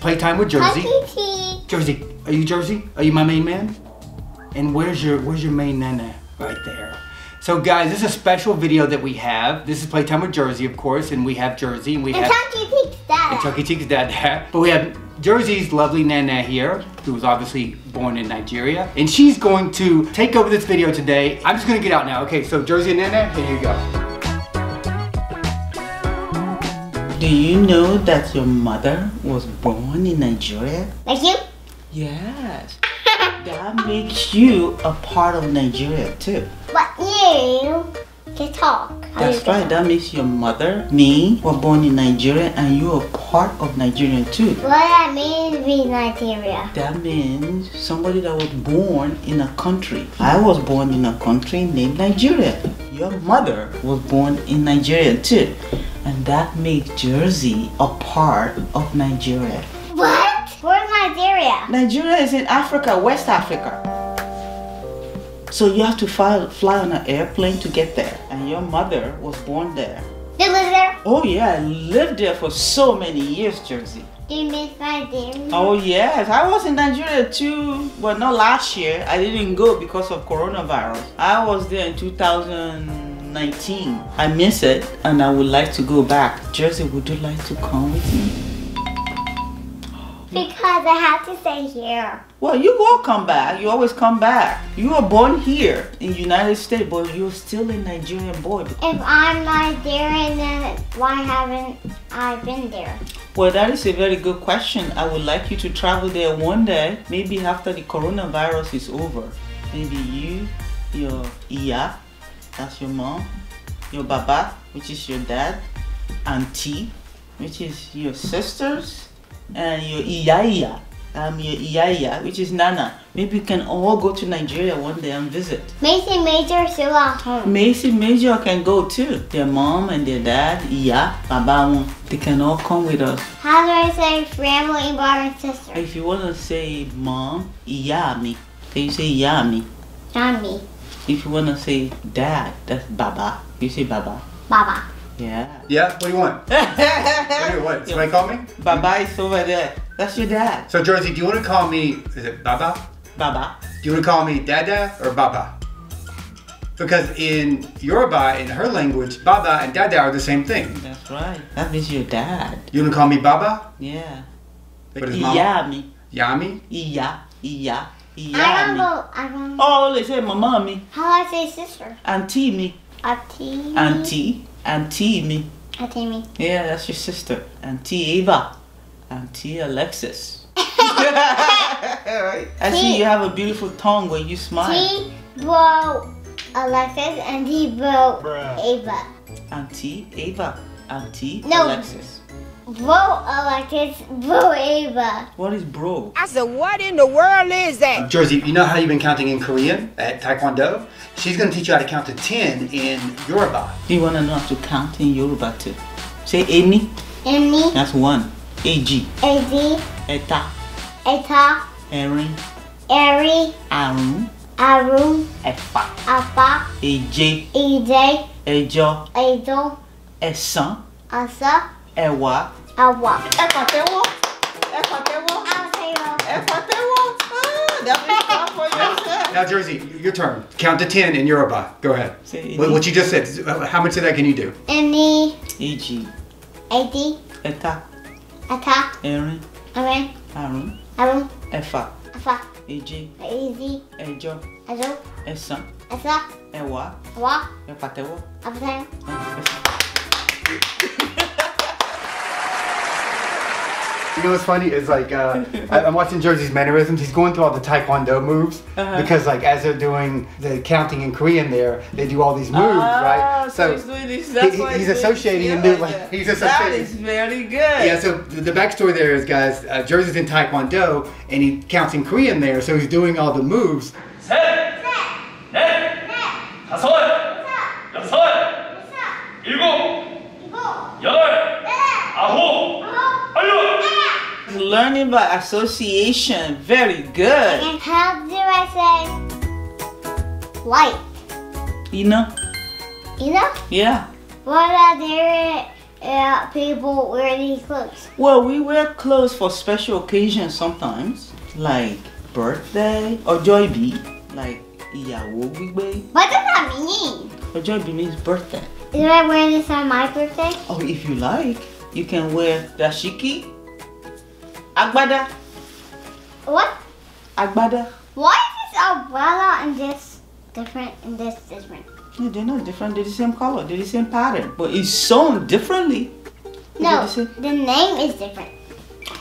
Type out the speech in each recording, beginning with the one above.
Playtime with Jersey. Hi, Jersey, are you Jersey? Are you my main man? And where's your where's your main nana? Right there. So guys, this is a special video that we have. This is Playtime with Jersey, of course, and we have Jersey, and we and have- Chucky Cheek's dad. And Chucky Cheek's dad there. But we have Jersey's lovely Nana here, who was obviously born in Nigeria. And she's going to take over this video today. I'm just gonna get out now. Okay, so Jersey and Nana, here you go. Do you know that your mother was born in Nigeria? Like you? Yes. that makes you a part of Nigeria too. But you can talk. That's right. That makes your mother, me, were born in Nigeria and you are part of Nigeria too. What that means be Nigeria? That means somebody that was born in a country. I was born in a country named Nigeria. Your mother was born in Nigeria too and that made Jersey a part of Nigeria. What? Where's Nigeria? Nigeria is in Africa, West Africa. So you have to fly, fly on an airplane to get there. And your mother was born there. You live there? Oh yeah, I lived there for so many years, Jersey. Do you miss dear. Oh yes, I was in Nigeria too, but not last year. I didn't go because of coronavirus. I was there in 2000. 19. I miss it and I would like to go back. Jersey, would you like to come with me? Because I have to stay here. Well, you will come back. You always come back. You were born here in United States, but you're still a Nigerian boy. If I'm there, then why haven't I been there? Well, that is a very good question. I would like you to travel there one day, maybe after the coronavirus is over. Maybe you, your Iya, that's your mom, your baba, which is your dad, auntie, which is your sisters, and your iyaya, um, your iyaya, which is nana. Maybe we can all go to Nigeria one day and visit. Macy Major is home. Macy Major can go too. Their mom and their dad, iya, baba, they can all come with us. How do I say family, brother, sister? If you want to say mom, iya me. Can you say iya me? me if you wanna say dad, that's Baba. You say Baba. Baba. Yeah. Yeah. What do you want? what do you want? Somebody call me? Baba is over there. That's your dad. So Jersey, do you wanna call me? Is it Baba? Baba. Do you wanna call me Dada or Baba? Because in Yoruba, in her language, Baba and Dada are the same thing. That's right. That means your dad. You wanna call me Baba? Yeah. But his mom? Yami. Yami? Iya. Iya. Yummy. I do I know. Oh, they say my mommy. How I say sister? Auntie me. Auntie. Auntie. Auntie me. Auntie me. Yeah, that's your sister. Auntie Eva. Auntie Alexis. I see you have a beautiful tongue when you smile. T bro Alexis, Auntie bro Ava. Auntie Ava. Auntie no. Alexis. Bro Alexis, Bro Ava. What is bro? I said, what in the world is that? Uh, Jersey, you know how you've been counting in Korean at Taekwondo? She's gonna teach you how to count to 10 in Yoruba. You wanna know how to count in Yoruba too? Say Amy. Amy. That's one. A G. A G. Eta. Eta. Erin. Eri. Arun. Arun. Ẹ̀fà. Ẹ̀fà. Èje. Ẹ̀jọ. Ẹ̀jọ. Ẹ̀sán. Ẹ̀sán ẹ̀wá. ẹ̀wá. ẹ pàtẹ́wọ́ ẹ pàtẹ́wọ́. ẹ pàtẹ́wọ́. Ah, that means clap for yourself. Now, Jersey, your turn. Count to ten in Yoruba. Go ahead. Say, what, you just said. Uh, how much of that can you do? Any. Eg. Ad. Ẹ̀ta. Ẹ̀ta. Ẹ̀rin. Ẹ̀rin. Àrún. Àrún. Ẹ̀fà. Ẹ̀fà. Eg. Èje. Ẹ̀jọ. Ẹ̀jọ. Ẹ̀sán. Ẹ̀sán. Ẹ̀wá. Ẹ̀wá. Ẹ̀pàtẹ́wọ́. Ẹ̀pàtẹ́wọ́. Ẹ̀pàtẹ́wọ́. You know what's funny is like uh, I, am watching Jersey's mannerisms. He's going through all the Taekwondo moves uh-huh. because like as they're doing the counting in Korean, there they do all these moves, ah, right? So, so he's, he, he's, he's associating yeah, and doing like he's associating. That is very good. Yeah. So the backstory there is, guys, uh, Jersey's in Taekwondo and he counts in Korean there, so he's doing all the moves. Set. learning by association. Very good. And how do I say know? Ina. Ina? Yeah. What are there uh, people wear these clothes? Well, we wear clothes for special occasions sometimes, like birthday or joy be, like ìyàwó gbígbé. What does that mean? joy ìbí means birthday. Do I wear this on my birthday? Oh, if you like. You can wear dashiki Agbada. What? Agbada. Why is agbada and this different and this different? Yeah, they're not different. They're the same color. They're the same pattern. But it's sewn differently. No, the, the name is different.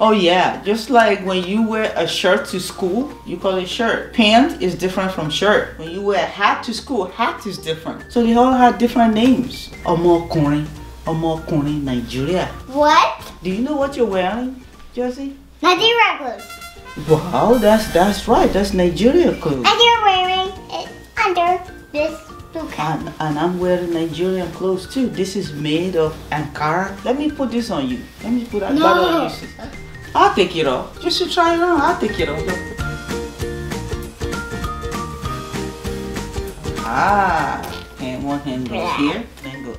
Oh yeah, just like when you wear a shirt to school, you call it shirt. Pants is different from shirt. When you wear a hat to school, hat is different. So they all have different names. Ọmọkùnrin, ọmọkùnrin Nigeria. What? Do you know what you're wearing? Josie? Nigeria clothes. Wow, that's that's right. That's Nigeria clothes. And you're wearing it under this Okay. And, and, I'm wearing Nigerian clothes too. This is made of Ankara. Let me put this on you. Let me put that, no. on you. I'll take it off. Just to try it on. I'll take it off. Ah, and one hand goes yeah. here.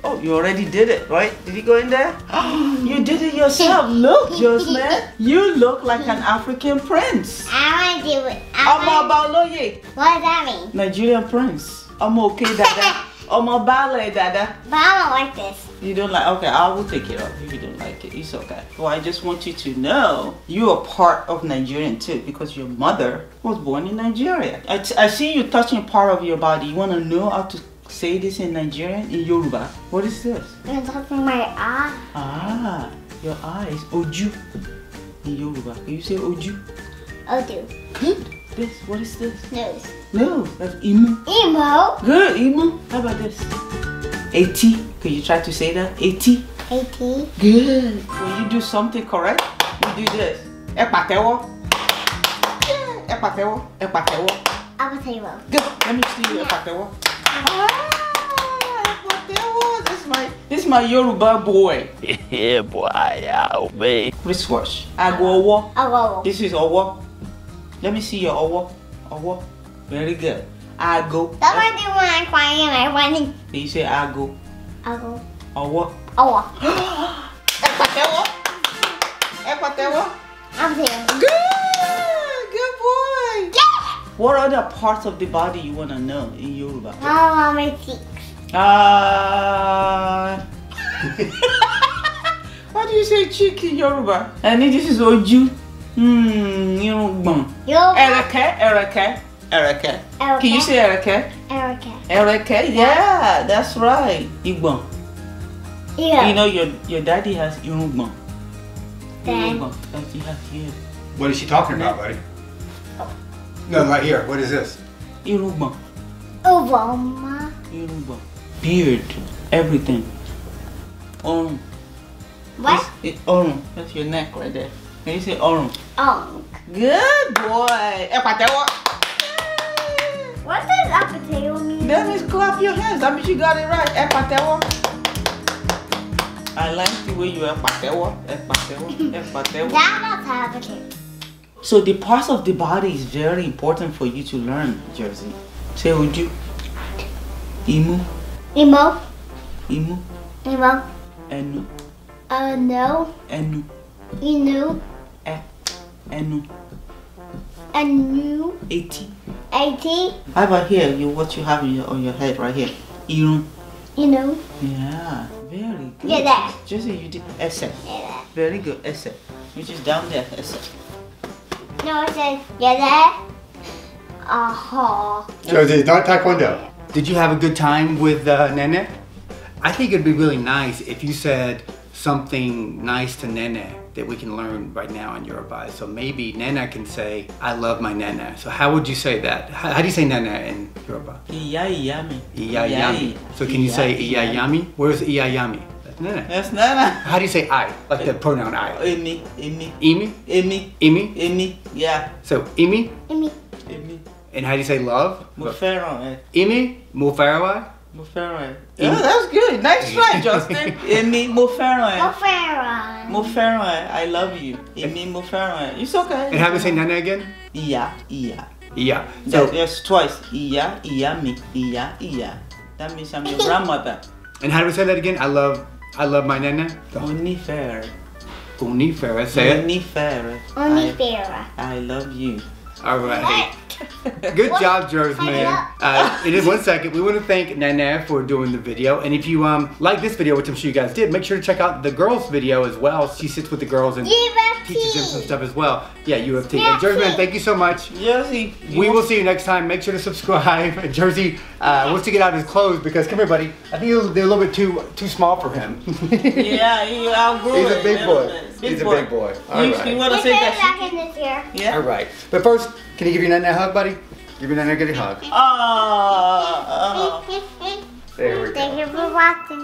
Oh, you already did it, right? Did you go in there? you did it yourself. Look, Josman, you look like an African prince. I want to do it. Ọmọ ọba olóyè. What does that mean? Nigerian prince. I'm okay, dada. a baálẹ̀ dada. But I don't like this. You don't like okay, I will take it off if you don't like it. It's okay. Well I just want you to know you are part of Nigerian too because your mother was born in Nigeria. I see you touching part of your body. You wanna know how to say this in Nigerian, in Yoruba. What is this? I'm talking my eye. Ah, your eyes. Oju. In Yoruba. Can you say Oju? Oju. Good. This, what is this? Nose. No, that's Imu. Imu. Good, Imu. How about this? Eighty. Can you try to say that? Eighty. Eighty. Good. When you do something correct, you do this. Ẹ pàtẹ́wọ́. Ẹ pàtẹ́wọ́. Good. Let me see you this is my Yoruba boy. yeah, boy, yeah, oh, me. Wristwatch. Ago owo. This is owo. Let me see your owo. Owo. Very good. Ago. That's was the one I'm crying and I wanted. Did you say ago? Ago. Owo. Owo. Ẹ pàtẹ́wọ́. I'm here. Good. What other parts of the body you want to know in Yoruba? I want my cheeks. Ah. Why do you say cheek in Yoruba? Ẹni this is ojú. Hmm, irùngbọ̀n. Yoruba. Ẹ̀rẹ̀kẹ́, ẹ̀rẹ̀kẹ́, ẹ̀rẹ̀kẹ́. Can you say ẹ̀rẹ̀kẹ́? Ẹ̀rẹ̀kẹ́. Ẹ̀rẹ̀kẹ́, yeah, that's right. Ìgbọ̀n. Yeah. You know your your daddy has irùngbọ̀n. Irùngbọ̀n. here. What is she talking about, buddy? No, right here. What is this? Iruba. Iruba. Iruba. Beard. Everything. Orm. What? It's, orm. That's your neck right there. Can you say orm? Orm. Good boy. What does apatewa mean? That means clap your hands. That means you got it right. Epatewa. I like the way you epatewa, epatewa, epatewa. That's so the parts of the body is very important for you to learn, Jersey. Say, would you? Imu. Imo. Imu. Imo. Enu. Uh, no. Enu. Inu. E. Enu. Enu. Eighty. Eighty. How about here? You what you have your, on your head right here? Iru. You Yeah, very good. Yeah, that. Jesse, you did SF. Yeah, Very good, SF. Which is down there, SF. No, it says, yeah, there. Uh-huh. Josie, not taekwondo. Did you have a good time with uh, Nene? I think it'd be really nice if you said something nice to Nene that we can learn right now in Yoruba. So maybe Nana can say, I love my Nana. So how would you say that? How, how do you say Nana in Yoruba? Iyayami. Iyayami. So can you say Iyayami? Where's Iyayami? Nene. That's Nana. How do you say I? Like it, the pronoun I? Imi, imi, imi, imi, imi, imi, Yeah. So, imi. Imi, imi. And how do you say love? Mufarawai. Imi, Mufarawai? Mufarawai. Yeah, that was good. Nice try, Justin. Imi Mufarawai. Mufarawai. Mufarawai. I love you. Imi Mufarawai. Eh. It's okay. And how do you say Nana again? Iya. Iya. Iya. So, yes, yes, twice. Iya. Iya. Me. Iya. Iya. That means I'm your grandmother. And how do we say that again? I love I love my nana. Unifera. Unifera. Say it. Unifera. Unifera. I, I love you. All right. Good what? job, Jervis man. Uh, in just one second, we want to thank Nana for doing the video. And if you um like this video, which I'm sure you guys did, make sure to check out the girls' video as well. She sits with the girls and UFT. teaches them some stuff as well. Yeah, you have to. Jersey man, thank you so much. Jersey. We will see you next time. Make sure to subscribe. Jersey uh, wants to get out of his clothes because come here, buddy. I think they're a little bit too too small for him. yeah, he outgrew He's a big boy. Big He's boy. a big boy. All you, right. You want to say that? Back in this year. Yeah. All right. But first, can you give your nana a hug, buddy? Give your nana a good hug. Oh. uh. there we go. Thank you for watching.